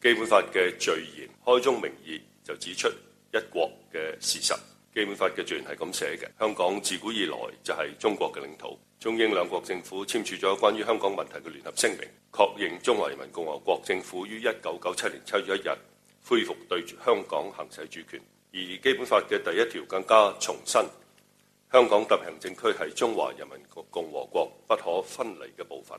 基本法嘅序言開宗明義就指出一國嘅事實。基本法嘅序言係咁寫嘅：香港自古以來就係中國嘅領土。中英兩國政府簽署咗關於香港問題嘅聯合聲明，確認中華人民共和國政府於一九九七年七月一日恢復對住香港行使主權。而基本法嘅第一條更加重申：香港特別行政區係中華人民共和國不可分離嘅部分。